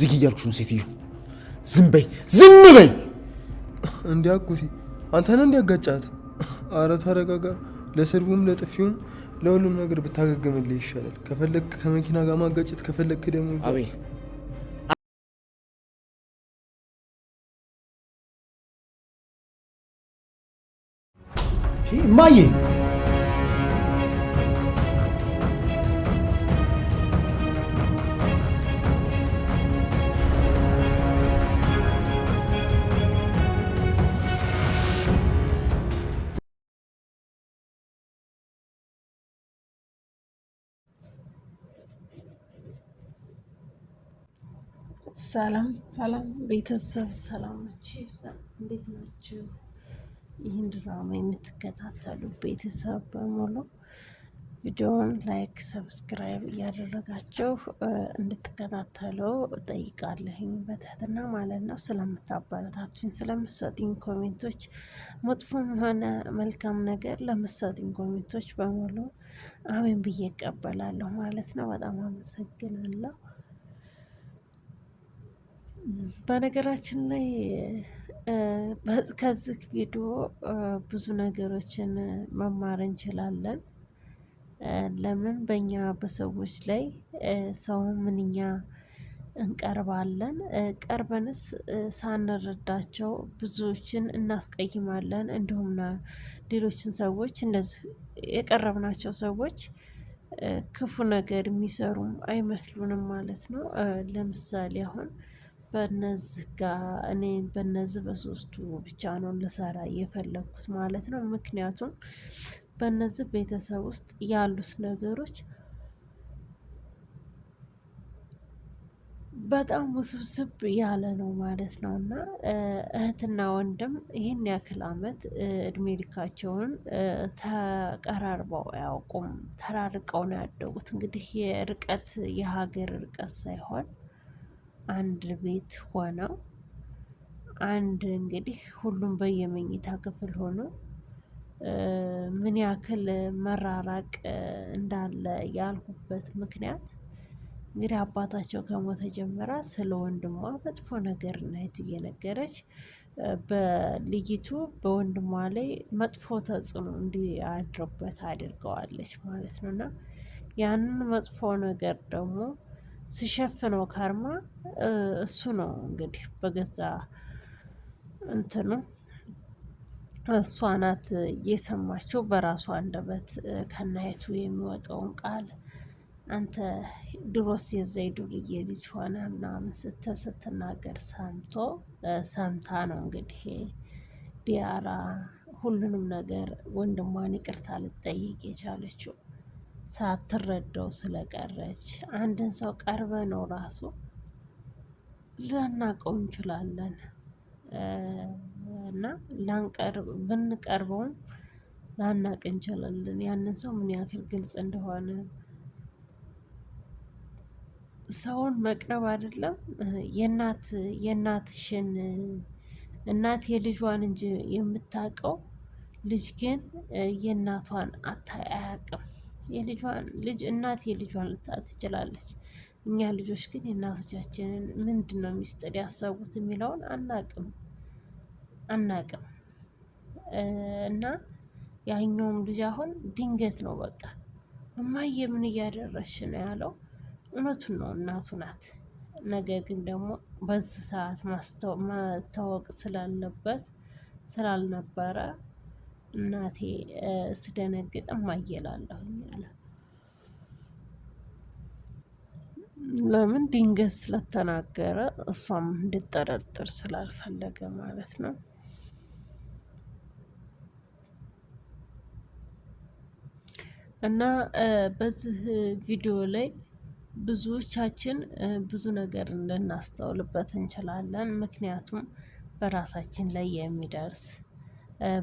ዝግ እያልኩሽ ነው ሴትዮ። ዝም በይ ዝም በይ። እንዲህ አጎቴ አንተን እንዲያጋጫት። አረ ተረጋጋ። ለስድቡም ለጥፊውም ለሁሉም ነገር ብታገገምልህ ይሻላል። ከፈለግክ ከመኪና ጋር ማጋጨት፣ ከፈለግክ ደግሞ አቤል ማየ ሰላም ሰላም ቤተሰብ ሰላም ናችሁ? እንዴት ናችሁ? ይህን ድራማ የምትከታተሉ ቤተሰብ በሙሉ ቪዲዮን ላይክ፣ ሰብስክራይብ እያደረጋችሁ እንድትከታተሉ እጠይቃለሁኝ በትህትና ማለት ነው። ስለምታበረታችሁኝ፣ ስለምሰጥኝ ኮሜንቶች መጥፎም ሆነ መልካም ነገር ለምሰጥኝ ኮሜንቶች በሙሉ አሜን ብዬ እቀበላለሁ ማለት ነው። በጣም አመሰግናለሁ። በነገራችን ላይ ከዚህ ቪዲዮ ብዙ ነገሮችን መማር እንችላለን። ለምን በእኛ በሰዎች ላይ ሰውን ምንኛ እንቀርባለን? ቀርበንስ ሳንረዳቸው ብዙዎችን እናስቀይማለን። እንዲሁም ሌሎችን ሰዎች እንደዚህ የቀረብናቸው ሰዎች ክፉ ነገር የሚሰሩም አይመስሉንም ማለት ነው። ለምሳሌ አሁን በነዚህ ጋር እኔ በነዚህ በሶስቱ ብቻ ነው ልሰራ እየፈለግኩት ማለት ነው። ምክንያቱም በነዚህ ቤተሰብ ውስጥ ያሉት ነገሮች በጣም ውስብስብ ያለ ነው ማለት ነው። እና እህትና ወንድም ይህን ያክል አመት እድሜ ልካቸውን ተቀራርበው አያውቁም። ተራርቀው ነው ያደጉት። እንግዲህ የርቀት የሀገር ርቀት ሳይሆን አንድ ቤት ሆነው አንድ እንግዲህ ሁሉም በየመኝታ ክፍል ሆኖ ምን ያክል መራራቅ እንዳለ ያልኩበት ምክንያት እንግዲህ አባታቸው ከሞተ ጀምራ ስለ ወንድሟ መጥፎ ነገር ናይት እየነገረች በልጅቱ በወንድሟ ላይ መጥፎ ተጽዕኖ እንዲያድርበት አድርገዋለች ማለት ነው እና ያንን መጥፎ ነገር ደግሞ ሲሸፍነው ከርማ እሱ ነው እንግዲህ በገዛ እንትኑ እሷ ናት በራሱ በራሷ አንደበት ከናየቱ የሚወጣውን ቃል አንተ ድሮስ የዘይ ዱርዬ ልጅ ሆነ ምናምን ስተ ስትናገር ሰምቶ ሰምታ ነው እንግዲህ ዲያራ ሁሉንም ነገር ወንድሟን ይቅርታ ልጠይቅ የቻለችው። ሳትረዳው ስለቀረች አንድን ሰው ቀርበ ነው ራሱ ልናውቀው እንችላለን እና ብንቀርበውም ላናቅ እንችላለን። ያንን ሰው ምን ያክል ግልጽ እንደሆነ ሰውን መቅረብ አይደለም የእናት የእናትሽን እናት የልጇን እንጂ የምታውቀው ልጅ ግን የእናቷን አታያቅም። የልጇን ልጅ እናት የልጇን ልታ ትችላለች። እኛ ልጆች ግን የእናቶቻችንን ምንድን ነው ሚስጥር ያሰቡት የሚለውን አናቅም አናቅም። እና ያኛውም ልጅ አሁን ድንገት ነው በቃ እማዬ ምን እያደረሽ ነው ያለው። እውነቱን ነው እናቱ ናት። ነገር ግን ደግሞ በዚህ ሰዓት መታወቅ ስላለበት ስላልነበረ እናቴ ስደነግጥ ማየላለሁኝ አለ። ለምን ድንገት ስለተናገረ እሷም እንድጠረጥር ስላልፈለገ ማለት ነው። እና በዚህ ቪዲዮ ላይ ብዙዎቻችን ብዙ ነገር ልናስተውልበት እንችላለን። ምክንያቱም በራሳችን ላይ የሚደርስ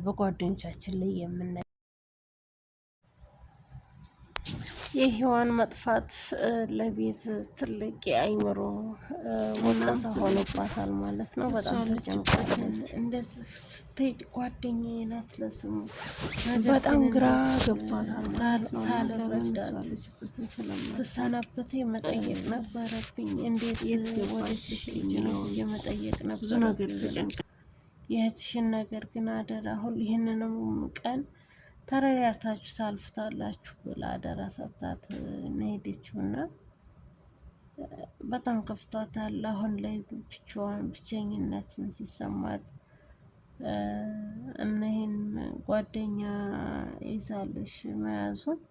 በጓደኞቻችን ላይ የምናይ የህዋን መጥፋት ለቤዝ ትልቅ የአይምሮ ወቀሳ ሆኖባታል ማለት ነው። በጣም ተጨንቃለች። እንደዚህ ስትሄድ ጓደኛዬ ናት ለስሙ በጣም ግራ ገብቷታል ማለት ነው። ሳለበዳበትን ስለምትሰናበት መጠየቅ ነበረብኝ። እንዴት ወደ ነው የመጠየቅ ነበር ብዙ ነገር ተጨንቃ የእህትሽን ነገር ግን አደራ አሁን ይህንንም ቀን ተረዳርታችሁ ታልፍታላችሁ ብላ አደራ ሰጥታት ነሄደችው እና በጣም ከፍቷታል። አሁን ላይ ብቻዋን ብቸኝነትን ሲሰማት እነህን ጓደኛ ይዛለሽ መያዙን